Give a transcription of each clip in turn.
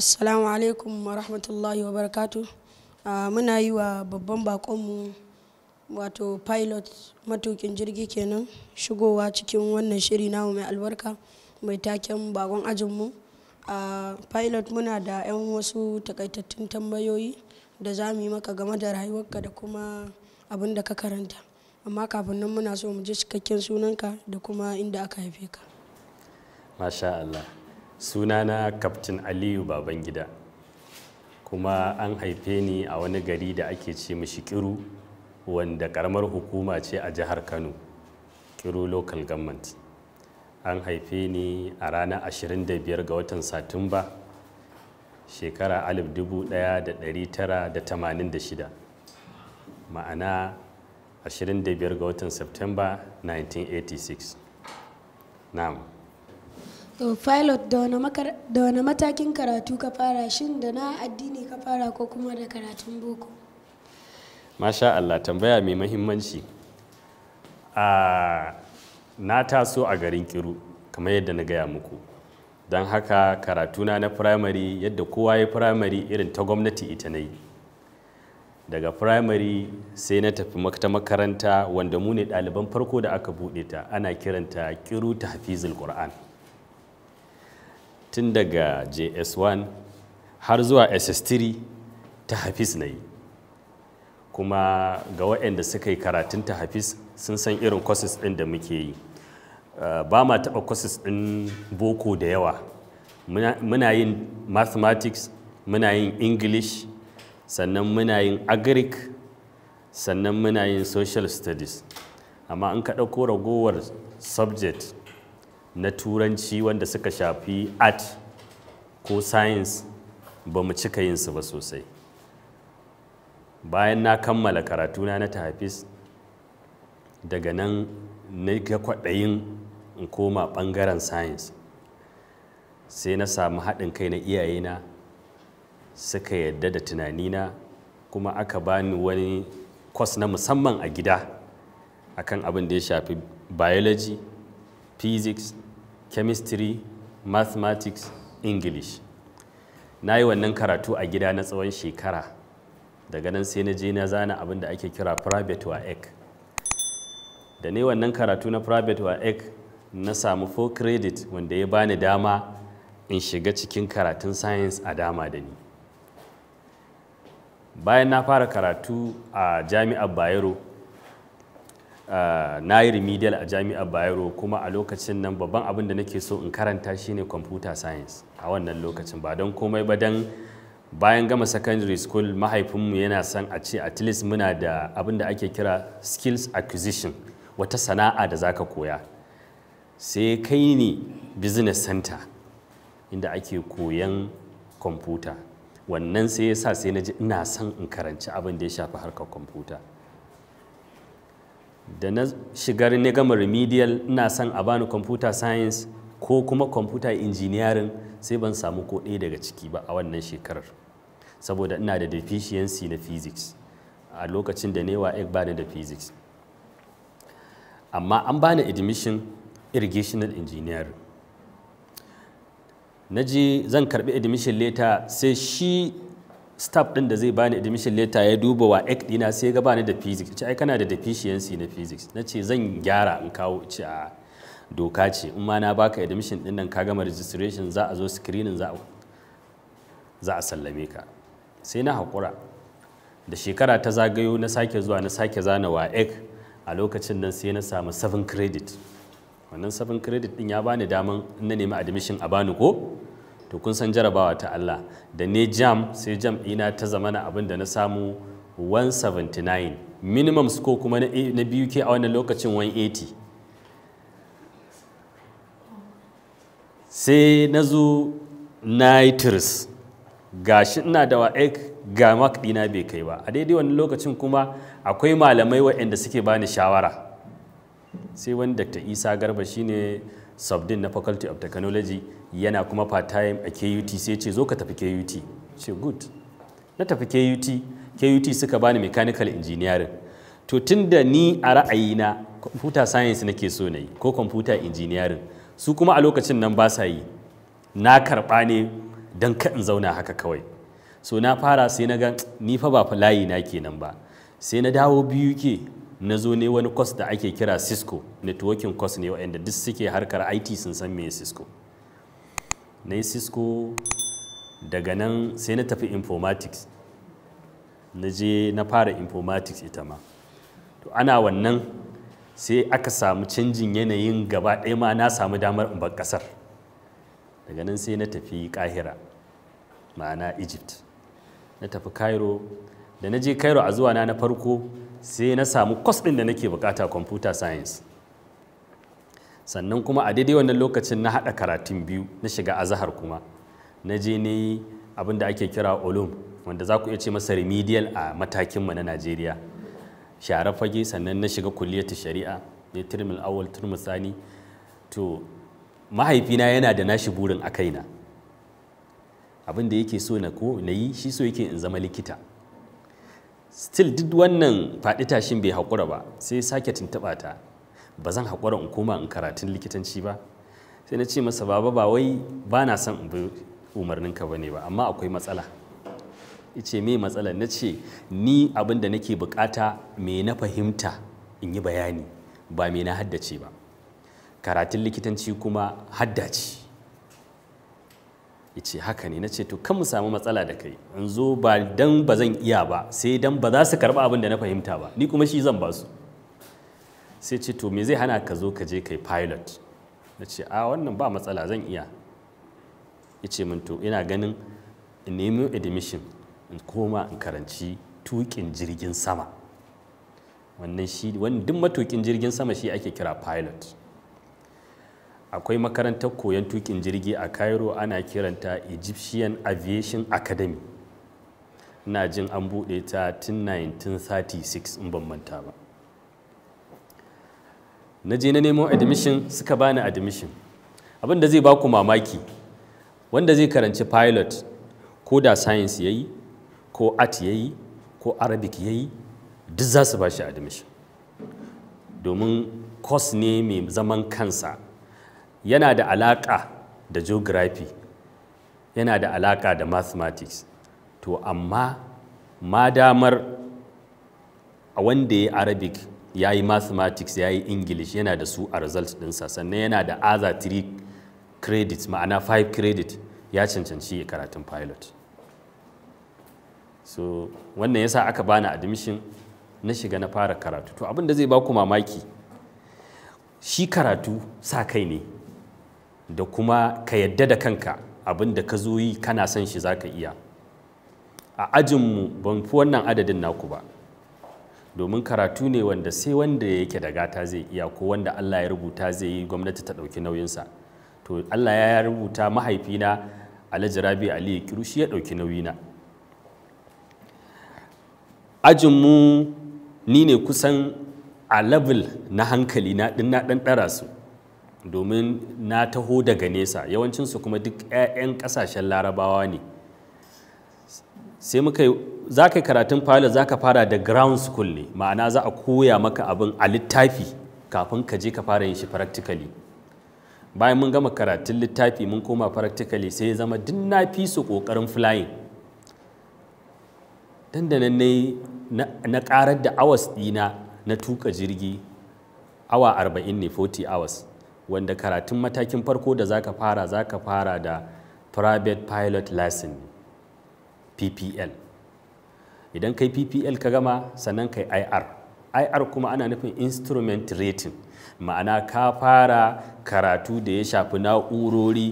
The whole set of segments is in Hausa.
assalamu alaikum wa rahmatullahi wa barakatu ah, muna yi wa babban bakonmu wato pilot matukin jirgi kenan shigowa cikin wannan shiri namu mai albarka mai taken bakon ajinmu a ah, pilot muna da 'yan wasu takaitattun tambayoyi da za mu yi maka game da rayuwarka da kuma abin da ka karanta amma kafin nan muna so mu ji cikakken sunanka da kuma inda aka haife ka masha Allah sunana kaftin aliyu babangida kuma an haife ni a wani gari da ake ce mishi kiru wanda karamar hukuma ce a jihar kano kiru local government an haife ni a ranar 25 ga watan satumba shekara 1986 ma'ana 25 ga watan september 1986 na'am to pilot da wani matakin karatu ka fara shin da na addini ka fara ko kuma da karatun boko masha Allah tambaya mai mahimmanci na taso a garin kiru kamar yadda na gaya muku don haka karatuna na firamare yadda kowa ya firamare irin ta gwamnati ita na yi daga firamare sai na tafi ta makaranta wanda mu ne ɗaliban farko da aka buɗe ta ana kiranta kiru ta hafizul qur'an tun daga js1 har zuwa ss3 ta hafiz na yi kuma ga waɗanda suka yi karatun ta hafiz sun san irin courses ɗin da muke yi eh, ba ma taɓa courses ɗin boko da yawa muna yin mathematics muna yin english sannan muna yin agric sannan muna yin social studies amma an ka ɗauko ragowar subject na turanci wanda suka shafi art ko science ba mu cika yin su ba sosai bayan na kammala karatuna na tafis daga nan na ga kwaɗayin in koma ɓangaren science sai na samu haɗin kai na iyayena suka yadda da tunanina kuma aka bani wani kwas na musamman a gida akan abin da ya shafi biology physics chemistry mathematics english na yi wannan karatu a gida na tsawon shekara daga nan sai na je na zana abin da ake kira private wa ek da ne wannan karatu na private wa ek na samu full credit wanda ya bani dama in shiga cikin karatun science a dama da ni bayan na fara karatu a jami'ar bayero Eh, na yi remedial a jami'ar bayero kuma a lokacin nan babban abin da nake so in karanta shine computer science a wannan lokacin ba don komai ba don bayan gama secondary school mahaifinmu yana son a ce at least muna da abin da ake kira skills acquisition wata sana'a da zaka koya sai kai ne business center inda ake koyan computer wannan sai ya sa sai na ji ina son in karanci abin da ya shafi harkar computer da na shigar ne gama remedial ina son a bani computer science ko kuma computer engineering sai ban samu ko ɗaya daga ciki ba a wannan shekarar saboda ina da deficiency na physics a lokacin da newa ek bani da physics amma an bani admission irrigational engineering na je zan karbi admission later sai shi staff ɗin da zai bani admission letter ya duba wa ek dina sai ga bani da physics ce ai kana da deficiency na physics na ce zan gyara in kawo ce a doka ce in ma na baka admission din nan ka gama registration za a zo screening za a za a sallame ka sai na haƙura da shekara ta zagayo na sake zuwa na sake zana wa ek a lokacin nan sai na samu 7 credit wannan 7 credit din ya bani daman na nemi admission a bani ko to kun san jarabawa ta Allah da ne jam sai jam ɗina ta zamana abin da na samu 179 minimum score kuma na biyu ke a wannan lokacin 180 sai na zo nitrous gashi ina da wa'ek ga mark ɗina bai kai ba a daidai wani lokacin kuma akwai malamai waɗanda suke bani shawara sai wani dr isa garba shine subdin na faculty of technology yana kuma part-time a KUT sai ce zo ka tafi KUT ce good na tafi KUT KUT suka bani mechanical engineering to tun da ni a ra'ayina computer science nake so na ko computer engineering su kuma a lokacin nan ba sa yi na karɓa ne don in zauna haka kawai so na fara sai na ga ni fa ba layi na kenan ba sai na dawo biyu ke na zo ne wani kwas da ake kira cisco networking kwas ne wa'anda duk suke harkar it sun san me cisco na yi cisco daga nan sai na tafi informatics na je na fara informatics ita ma to ana wannan sai aka samu canjin yanayin gaba ɗaya ma na samu damar in bar ƙasar daga nan sai na tafi kahira ma'ana egypt na tafi cairo da na je cairo a zuwa na na farko sai na samu kwas ɗin da nake bukata computer science sannan kuma a daidai wannan lokacin na haɗa karatun biyu na shiga azahar kuma na je ne abin da ake kira olum wanda za ku iya ce masa remedial a matakin mu na najeriya share fage sannan na shiga kulliyar shari'a ne turmil awal turmil sani to mahaifina yana da nashi burin a kaina abin da yake so na ko na yi shi so yake in zama likita still duk wannan faɗi tashin bai haƙura ba sai sake tuntuɓa ta ba zan haƙura in koma in karatun likitanci ba sai na ce masa baba ba wai ba na son in bi umarninka ba ne ba amma akwai matsala ce me matsala na ce ni abin da nake bukata me na fahimta in yi bayani ba me na haddace ba karatun likitanci kuma haddace ce haka ne na ce to kan mu samu matsala da kai in zo ba dan ba zan iya ba sai dan ba za su karɓi abin da na fahimta ba ni kuma shi zan ba su sai ce to me zai hana ka zo ka je kai pilot na ce a wannan ba matsala zan iya ya ce min to ina ganin in nemi admission in koma in karanci tukin jirgin sama wannan shi wani duk matukin jirgin sama shi ake kira pilot akwai makarantar koyon tukin jirgi a cairo ana kiranta egyptian aviation academy na jin an buɗe ta tun 1936 in ban manta ba na je na nemo admission suka bani admission abin da zai baku mamaki wanda zai karanci pilot ko da science yayi ko art yayi ko arabic yayi duk za su bashi admission domin course ne mai zaman kansa yana da alaƙa da geography yana da alaƙa da mathematics to amma ma damar a wanda ya arabic ya yi mathematics ya yi english yana da su a result sa sannan yana da other three credits ma'ana five credit ya cancanci ya karatun pilot so wannan yasa aka bani admission na shiga na fara karatu to abin da zai baku mamaki shi karatu sa kai ne da kuma ka yadda da kanka abin da ka zo yi kana son shi za ka iya a ajinmu ban fi wannan adadin naku ba domin karatu ne wanda sai wanda yake da gata zai iya ko wanda Allah ya rubuta zai yi gwamnati ta ɗauki nauyinsa to Allah ya rubuta mahaifina Alhaji Rabi Ali Kiru shi ya ɗauki nauyina ajinmu ni ne kusan a level na hankali na ɗin na ɗan ɗara su domin na taho daga nesa yawancinsu kuma duk 'ya'yan ƙasashen larabawa ne sai muka za ka yi karatun pilot za ka fara da ground school ne ma'ana za a koya maka abin a littafi kafin ka je ka fara yin shi practically bayan mun gama karatun littafi mun koma practically sai ya zama duk na fi su kokarin flying dandanan na na ƙarar da hours dina na tuka jirgi awa 40 ne 40 hours wanda karatun matakin farko da zaka fara zaka fara da private pilot license. ppl idan kai ppl ka gama sannan kai ir ir kuma ana nufin instrument rating ma'ana ka fara karatu da ya shafi na'urori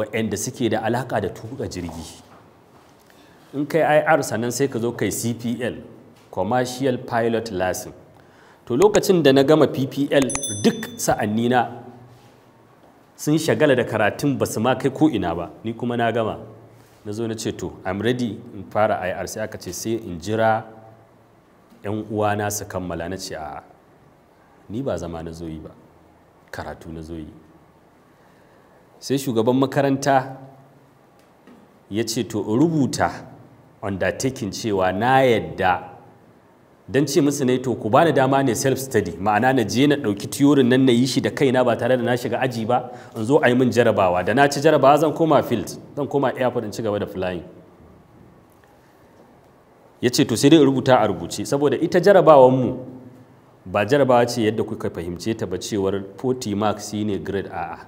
waɗanda suke da alaƙa da tuka jirgi in kai ir sannan sai ka zo kai cpl commercial pilot license to lokacin da na gama ppl duk sa'annina sun shagala da karatun ba su ma kai ko ina ba ni kuma na gama na zo na ce to i'm ready in fara ir sai aka ce sai in jira yan uwana su kammala na ce a ni ba zama na zo yi ba karatu na zo yi sai shugaban makaranta ya ce to rubuta undertaking cewa na yadda don ce musu ne to ku bani dama ne self study ma'ana na je na ɗauki tiyorin nan na yi shi da kaina ba tare da na shiga aji ba in zo a yi min jarabawa da na ci jarabawa zan koma field zan koma airport in ci gaba da flying ya ce to sai dai rubuta a rubuce saboda ita jarabawan mu ba jarabawa ce yadda kuka fahimce ta ba cewar 40 mark shine grade a'a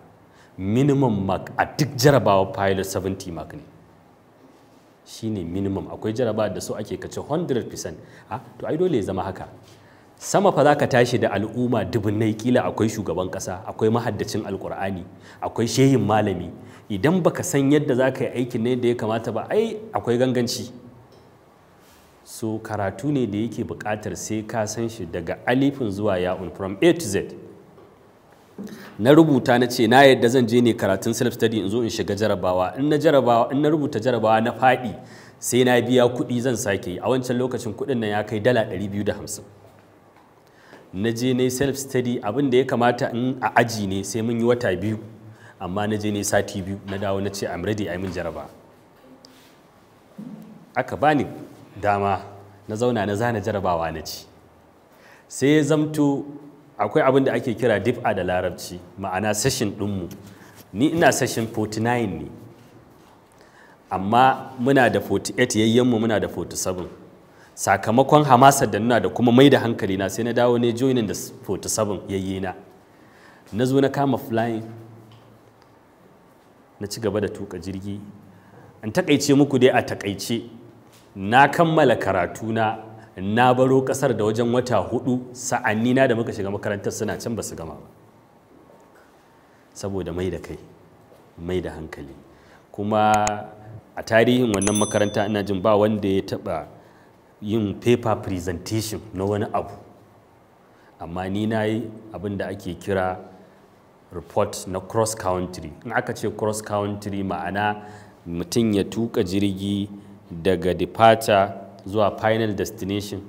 minimum mark a duk jarabawa pilot 70 mark ne shine minimum akwai jaraba da so ake kace 100% a to ai dole ya zama haka sama fa zaka tashi da al'umma dubunnai kila akwai shugaban kasa akwai mahaddacin alkur'ani akwai shehin malami idan baka san yadda zaka yi aikin ne da ya kamata ba ai akwai ganganci so karatu ne da yake buƙatar sai ka san shi daga alifin zuwa ya'un from a to z na rubuta na ce na yadda zan je ne karatun self study in zo in shiga jarabawa in na in na rubuta jarabawa na faɗi sai na biya kuɗi zan sake yi a wancan lokacin kuɗin nan ya kai dala ɗari 250 na je ne self study abin da ya kamata in a aji ne sai mun yi wata biyu amma na je ne sati biyu na dawo na ce I'm ready ai min jaraba aka bani dama na zauna na zana jarabawa na ci sai ya zamto akwai abin da ake kira dif'a da larabci ma'ana sashin ɗinmu ni ina session 49 ne amma muna da 48 yayyenmu muna da 47 sakamakon hamasar da nuna da kuma mai da hankali na sai na dawo ne joinin da 47 yayyena na zo na kama flying na ci gaba da tuka jirgi an takaice muku dai a takaice na kammala karatu na na baro kasar da wajen wata hudu sa'anni na da muka shiga makarantar suna can ba su gama ba saboda mai da kai mai da hankali kuma a tarihin wannan makaranta ina jin ba wanda ya taba yin paper presentation na wani abu amma ni na yi abin da ake kira report na cross country in aka ce cross country ma'ana mutum ya tuka jirgi daga departure zuwa final destination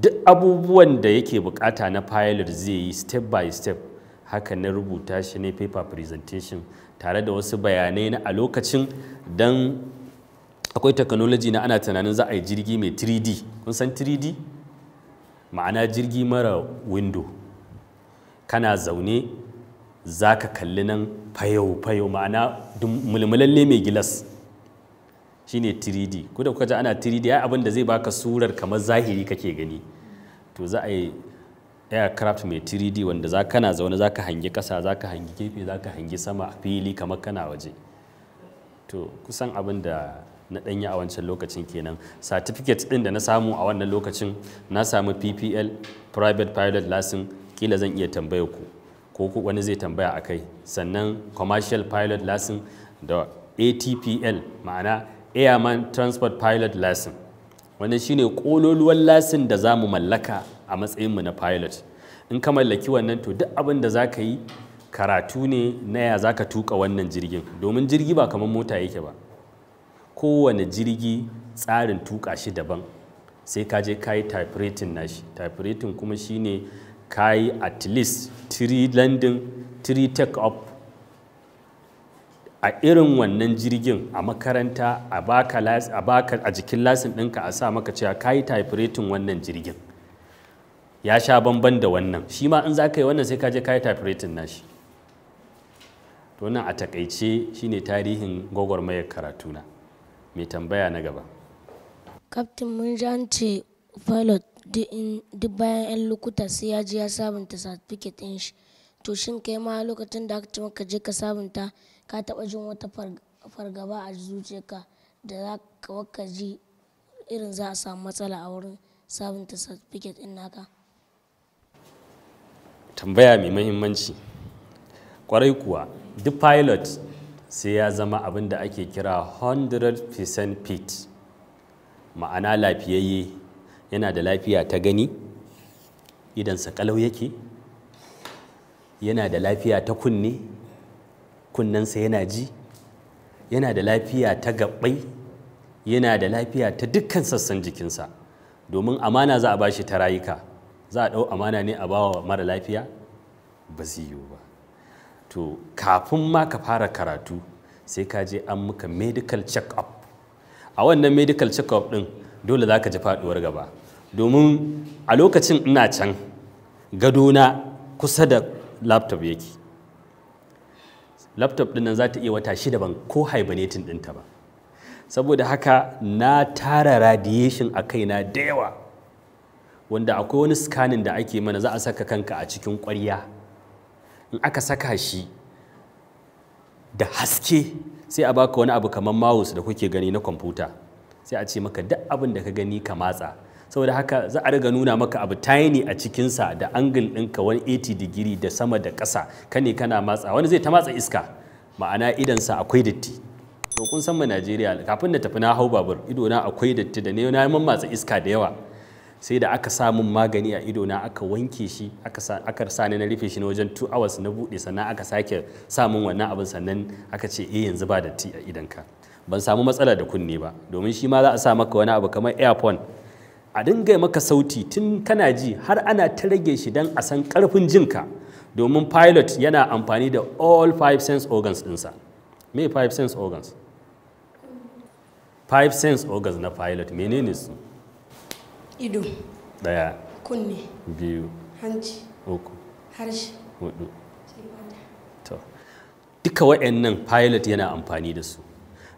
duk abubuwan da yake bukata na pilot zai yi step by step haka na rubuta shi ne paper presentation tare da wasu bayanai na a lokacin don akwai technology na ana tunanin za a yi jirgi mai 3D kun san 3D ma'ana jirgi mara window kana zaune za ka kalli nan fayau-fayau ma'ana mulmulalle mai gilas shine 3D ko kuka ji ana 3D ai abin da zai baka surar kamar zahiri kake gani to za a yi aircraft mai 3D wanda za kana zaune za ka hangi ƙasa za ka hangi gefe za ka hangi sama a fili kamar kana waje to kusan abin da na yi a wancan lokacin kenan certificate ɗin da na samu a wannan lokacin na samu ppl private pilot license kila zan iya tambaya ku ko ku wani zai tambaya a kai sannan commercial pilot license da atpl ma'ana airman transport pilot lesson wannan shine ƙololuwan lasin da zamu mallaka a matsayinmu na pilot in ka mallaki wannan to duk abin da za ka yi karatu ne na ya za ka tuka wannan jirgin domin jirgi ba kamar mota yake ba kowane jirgi tsarin tuka shi daban sai ka je ka yi shi type typewriting kuma shine ka yi at least three landing three take off. a irin wannan jirgin a makaranta a baka a jikin lasin ɗinka a sa maka cewa ka yi typewriting wannan jirgin ya sha bamban da wannan shi ma in za ka yi wannan sai ka je ka yi typewriting nashi to nan a takaice shine tarihin gwagwarmayar karatuna mai tambaya na gaba kaftin mun pilot duk bayan 'yan lokuta sai ya je ya sabunta certificate ɗin shi to shin kai ma lokacin da aka ce maka je ka sabunta Ka taɓa jin wata fargaba a zuciyarka da za ka ji irin za a samu matsala a wurin sabunta certificate ɗin naka? Tambaya mai mahimmanci. Kwarai kuwa, duk pilot sai ya zama abin da ake kira 100% fit. Ma'ana lafiyayye, yana da lafiya ta gani, sa sakalau yake, yana da lafiya ta kunne, kunnensa yana ji yana da lafiya ta gabbai yana da lafiya ta dukkan sassan jikinsa domin amana za a ba shi ta rayuka za a ɗau amana ne a bawa mara lafiya ba zai yiwu ba to kafin ma ka fara karatu sai ka je an muka medical check-up a wannan medical check-up ɗin dole za ka ji faɗuwar gaba domin a lokacin ina can gadona kusa da laptop yake laptop din nan za ta iya wata shida ban ko hibernating ɗinta ba saboda haka na tara radiation a kaina da yawa wanda akwai wani scanning da ake mana za a saka kanka a cikin ƙwarya in aka saka shi da haske sai a baka wani abu kamar mouse da kuke gani na kwamfuta sai a ce maka duk abin da ka gani ka matsa saboda haka za a riga nuna maka abu tiny a cikinsa da angle ɗinka 180 digiri da sama da ƙasa kane kana matsa wani zai ta matsa iska ma'ana idansa akwai datti to kun san mu Najeriya kafin na tafi na hau babur ido na akwai datti da ne na man matsa iska da yawa sai da aka sa min magani a ido na aka wanke shi aka sa ni na rufe shi na wajen 2 hours na bude sannan aka sake sa min wannan abin sannan aka ce eh yanzu ba datti a idanka ban samu matsala da kunne ba domin shi ma za a sa maka wani abu kamar earphone a dinga maka sauti tun kana ji har ana ta rage shi don a san karfin jinka domin pilot yana amfani da all five sense organs dinsa me five sense organs five sense organs na pilot menene su ido daya kunne biyu hanci uku harshe hudu to duka wa'annan pilot yana amfani da su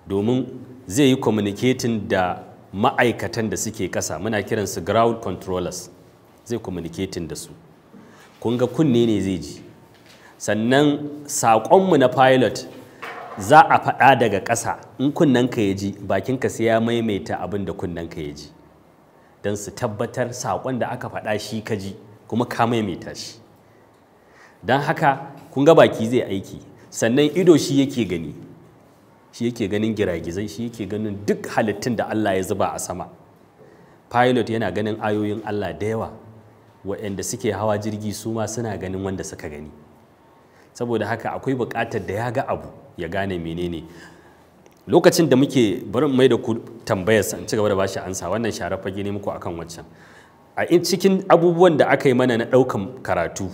domin zai yi communicating da ma'aikatan da suke ƙasa muna kiransu ground controllers zai communicating da su kun ga kunne ne zai ji sannan saƙonmu na pilot za a faɗa daga ƙasa in kunnenka ya ji bakinka sai ya maimaita abin da ka ya ji don su tabbatar saƙon da aka faɗa shi ka ji kuma ka maimaita shi don haka kun ga baki zai aiki sannan ido shi yake gani shi yake ganin giragizai shi yake ganin duk halittun da Allah ya zuba a sama pilot yana ganin ayoyin Allah da yawa waɗanda suke hawa jirgi su ma suna ganin wanda suka gani saboda haka akwai buƙatar da ya ga abu ya gane menene lokacin da muke bari mai da ku tambayar san ci gaba da bashi ansa wannan share fage ne muku akan wancan a cikin abubuwan da aka yi mana na ɗaukan karatu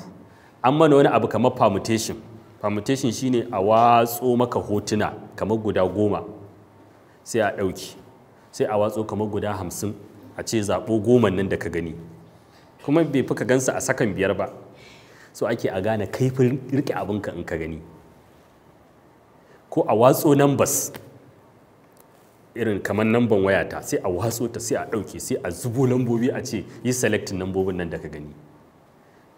an mana wani abu kamar permutation permutation shine a watso maka hotuna kamar guda goma sai a ɗauki sai a watso kamar guda hamsin a ce zaɓo goman nan da ka gani kuma bai fi ka gansa a sakan biyar ba so ake a gane kaifin rike abinka in ka gani ko a watso numbers irin kamar namban wayata sai a watso ta sai a ɗauke sai a zubo lambobi a ce yi selectin lambobin nan da ka gani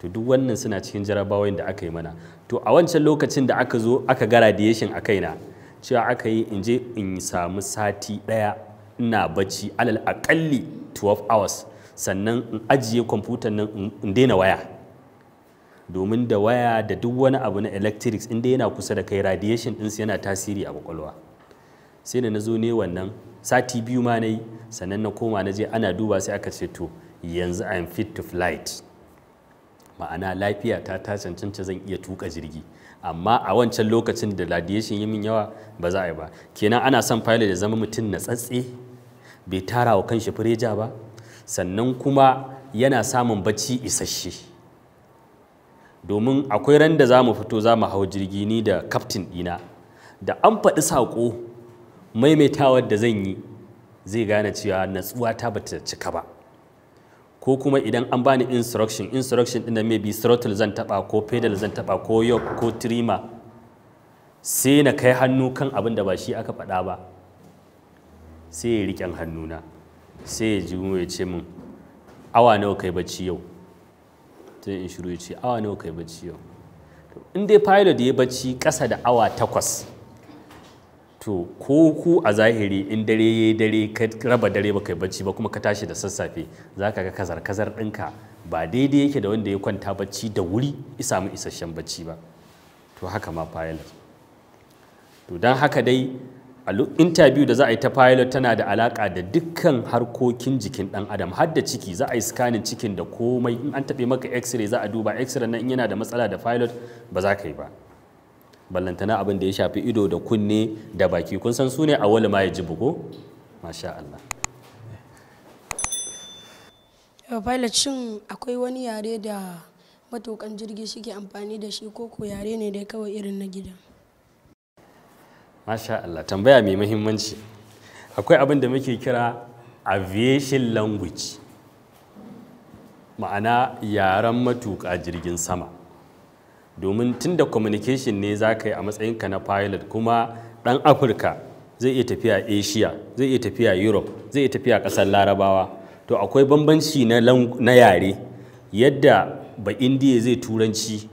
to duk wannan suna cikin jarabawoyin da aka yi mana to a wancan lokacin da aka zo aka ga radiation a kaina cewa aka yi in je in samu sati ɗaya ina bacci alal aƙalli 12 hours sannan in ajiye kwamfutan nan in daina waya domin da waya da duk wani abu na electrics inda yana kusa da kai radiation ɗinsu yana tasiri a kwakwalwa sai na zo ne wannan sati biyu ma na sannan na koma na je ana duba sai aka ce to yanzu am fit to flight ma'ana lafiya ta ta zan iya tuka jirgi amma a wancan lokacin da radiation yi min yawa ba za a yi ba kenan ana son pilot ya zama mutum na tsatse bai tara wa kanshi fireja ba sannan kuma yana samun bacci isasshe domin akwai ran da za mu fito za mu hau jirgi ni da kaftin ɗina da an faɗi saƙo maimaitawar da zan yi zai gane cewa natsuwa ta bata cika ba ko kuma idan an bani instruction instruction din may maybe throttle zan taba ko pedal zan taba ko yoke ko trimmer sai na kai hannu kan abin da ba shi aka faɗa ba sai ya riƙen hannuna sai ya ji ya ce min awa nawa kai bacci yau sai in shiru ya ce awa nawa kai bacci yau in dai pilot ya bacci ƙasa da awa takwas to ko ku a zahiri in dare ya dare ka raba dare ba kai bacci ba kuma ka tashi da sassafe za ka ga kazar-kazar ɗinka ba daidai yake da wanda ya kwanta bacci da wuri ya samu isasshen bacci ba to haka ma pilot to don haka dai interview da za a yi ta pilot tana da alaka da dukkan harkokin jikin ɗan adam har da ciki za a yi scanning cikin da komai in an taɓe maka x-ray za a duba x-ray nan in yana da matsala da pilot ba za ka yi ba ballantana abin da ya shafi ido da kunne da baki kun san sune ne a wali ma ya ji buko masha Allah pilot shin akwai wani yare da matukan jirgi suke amfani da shi ko yare ne da kawai irin na gida masha Allah tambaya mai muhimmanci akwai abin da muke kira aviation language ma'ana yaren matuƙa jirgin sama domin tun da communication ne za ka yi a matsayinka na pilot kuma ɗan afirka zai iya tafiya asia zai iya tafiya europe zai iya tafiya ƙasar larabawa to akwai bambanci na yare yadda ba indiya zai turanci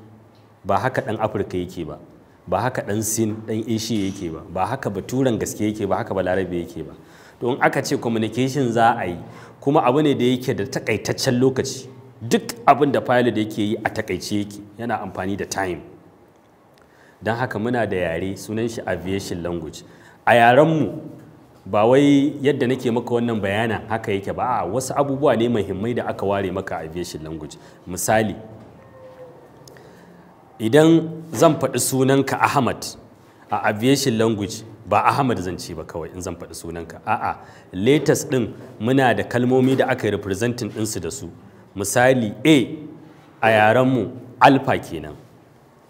ba haka ɗan afirka yake ba ba haka ɗan sin ɗan asia yake ba ba haka ba turan gaske yake ba haka ba larabe yake ba to in aka ce communication za a yi kuma abu ne da yake da takaitaccen lokaci duk abin da da yake yi a takaice yake yana amfani da time don haka muna da yare sunan shi aviation language a yarenmu ba wai yadda nake maka wannan bayanan haka yake ba a wasu abubuwa ne muhimmai da aka ware maka aviation language misali idan zan faɗi sunanka ahmad a aviation language ba ahmad zan ce ba kawai in zan faɗi sunanka a'a latest ɗin muna da kalmomi da aka yi representing ɗinsu da su misali a a yarenmu alfa kenan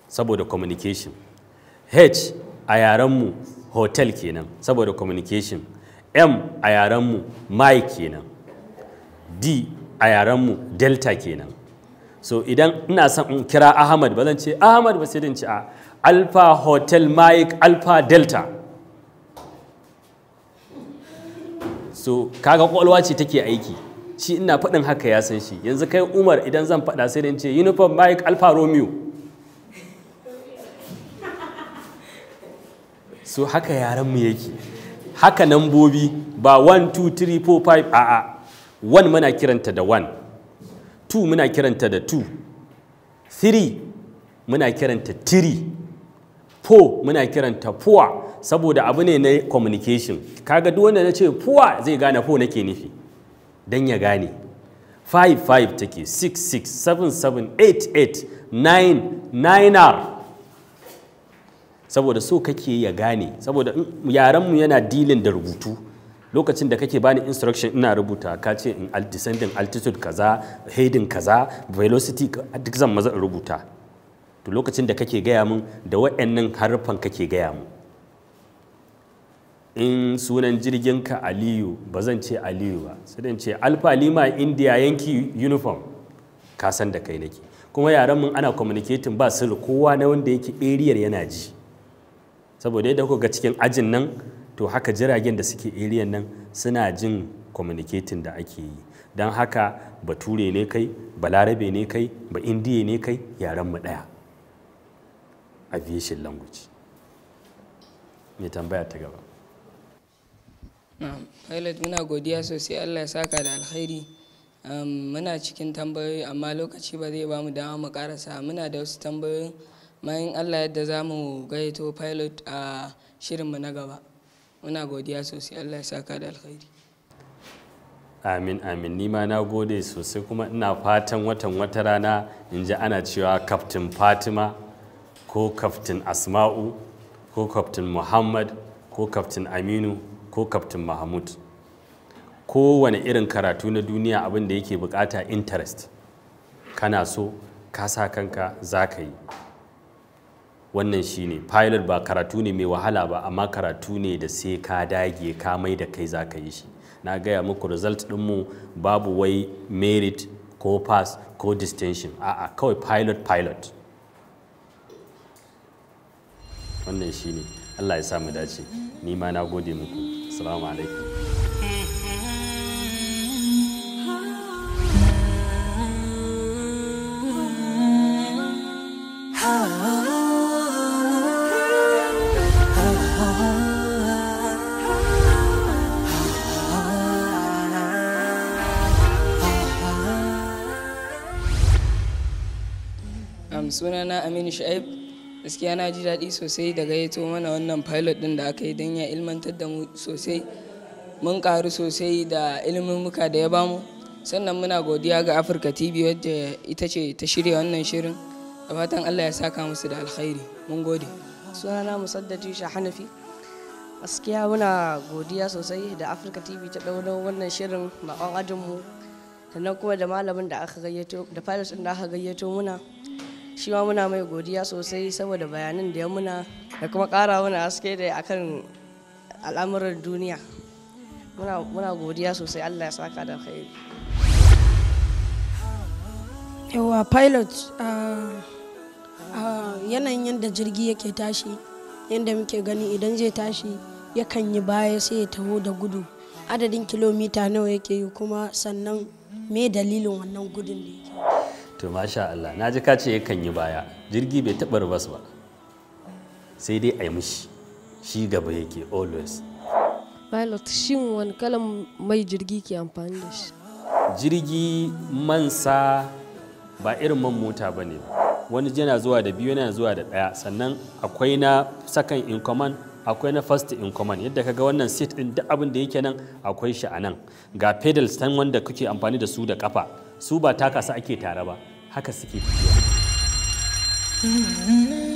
saboda communication h a yarenmu hotel kenan saboda communication m a yarenmu mai kenan d a yarenmu delta kenan so idan ina son in kira ahmad ba zan ce ahmad ba sai ce a alfa hotel mike alfa delta so kaga kwalwa ce take aiki shi ina faɗin haka ya san shi yanzu kai umar idan zan faɗa sai da ce uniform mike alfa romeo so haka yaranmu yake haka nambobi ba 1 2 3 4 5 a'a 1 muna kiranta da 1 2 muna kiranta da 2 3 muna kiranta 3 4 muna kiranta 4 saboda abu ne na communication kaga duk wanda na ce 4 zai gane 4 nake nufi don ya gane 5-5 take 6-6 7-7 8-8 9-9r saboda so kake ya gane saboda yarenmu yana dilin da rubutu lokacin da kake bani instruction ina rubuta ka ce in descending altitude kaza heading kaza velocity duk zan maza in rubuta to lokacin da kake gaya min da wa'annan harfan kake gaya min in sunan jirgin ka aliyu ba zan ce aliyu ba sai dan ce alfa lima india yanki uniform ka san da kai nake kuma yaran mun ana communicating ba sirri kowa na wanda yake eriyar yana ji saboda yadda kuka ga cikin ajin nan to haka jiragen da suke area nan suna jin communicating da ake yi don haka bature ne kai ba Larabe ne kai ba indiya ne kai yaran mu daya aviation language mai tambaya ta gaba Pilot muna godiya sosai Allah ya saka da alkhairi. muna cikin tambayoyi amma lokaci ba zai bamu dama mu karasa muna da wasu tambayoyin mayin Allah yadda za mu gaito pilot a shirinmu na gaba. Muna godiya sosai Allah ya saka da alkhairi. Amin amin ni ma na gode sosai kuma ina fatan watan wata rana in ji ana cewa kaftin Fatima ko kaftin Asma'u ko kaftin Muhammad ko kaftin Aminu ko kaftin mahmud kowane irin karatu na duniya abin da yake bukata interest kana so ka sa kanka za ka yi wannan shine pilot ba karatu ne mai wahala ba amma karatu ne da sai ka dage ka mai da kai za ka yi shi na gaya muku result mu babu wai merit ko pass ko distinction a'a kawai pilot pilot wannan shine Allah ya samu dace ni ma na gode muku السلام عليكم سننا امين شعيب gaskiya na ji daɗi sosai da gayyato mana wannan pilot ɗin da aka yi don ya ilmantar da mu sosai mun ƙaru sosai da muka da ya bamu sannan muna godiya ga afirka tv wadda ita ce ta shirya wannan shirin da fatan allah ya saka musu da alkhairi mun gode sunana sha hanafi gaskiya muna godiya sosai da afirka tv ta ɗauno wannan shirin ma'an ajinmu sannan kuma da malamin da aka gayyato da pilot ɗin da aka gayyato muna shi ma muna mai godiya sosai saboda bayanan da ya muna da kuma kara mana haske da akan al'amuran duniya muna godiya sosai allah ya saka da kai yawa pilot ah, ah, yanayin yadda jirgi yake tashi yadda muke gani idan zai tashi yakan yi baya sai ya taho da gudu adadin kilomita nawa yake yi kuma sannan me dalilin wannan gudun da yake to masha Allah na ji ka ce yakan yi baya jirgi bai taɓa rubas ba sai dai a yi mishi shi gaba yake always pilot shin wani kalan mai jirgi ke amfani da shi jirgi mansa ba irin man mota ba ne wani yana zuwa da biyu yana zuwa da ɗaya sannan akwai na second in command akwai na first in command yadda kaga wannan seat din duk abin da yake nan akwai shi a nan ga pedals tan wanda kuke amfani da su da kafa su ba takasa kasa ake tare ba haka suke tafiya mm-hmm.